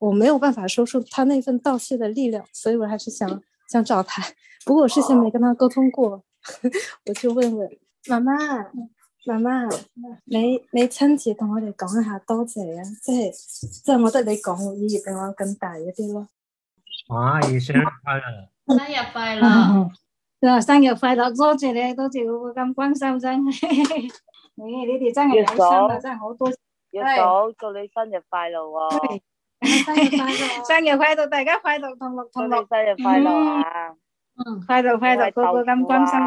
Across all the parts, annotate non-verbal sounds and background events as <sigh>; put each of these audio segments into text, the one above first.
我沒有辦法說出他那份道歉的力量，所以我還是想想找他。不過我事先沒跟他溝通過， <laughs> 我去問問媽媽。媽媽，你你親自同我哋講一下多謝，謝啊！即係即係，我覺得你講嘅意義比我更大一啲咯。啊，醫生、啊，生日快樂！生日快樂！生日快樂！多謝，謝你，多謝，謝你咁關心。呵呵你你哋真係好心啊，真係好多。月嫂，祝你生日快樂哦！生日快樂，生日快樂，大家快樂同樂同樂，嗯，生日快樂啊！嗯，快樂快樂，個個咁關心，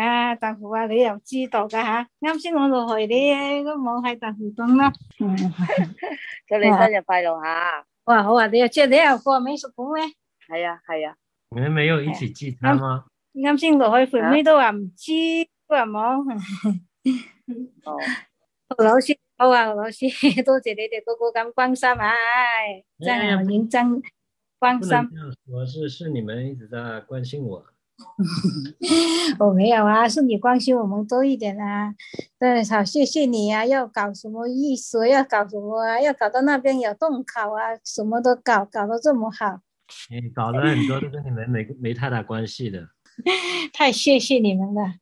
啊，豆腐啊，你又知道噶吓？啱先我落去你都冇喺豆腐等啦，祝你生日快樂吓！好，好啊，你又知你又過美術館咩？係啊係啊。你哋沒有一起聚餐嗎？啱先落去肥妹都話唔知都話冇。哦，何老師。好、哦、啊，老師，多謝你哋個個咁關心我，哎您哎、這樣認真關心。我是是你們一直在關心我， <laughs> <laughs> 我沒有啊，是你關心我們多一點啊。真係好，謝謝你啊！要搞什麼藝術，要搞什麼、啊，要搞到那邊有洞口啊，什麼都搞搞得這麼好。你、哎、搞得很多都跟你們沒 <laughs> 沒，沒太大關係的。太謝謝你們了。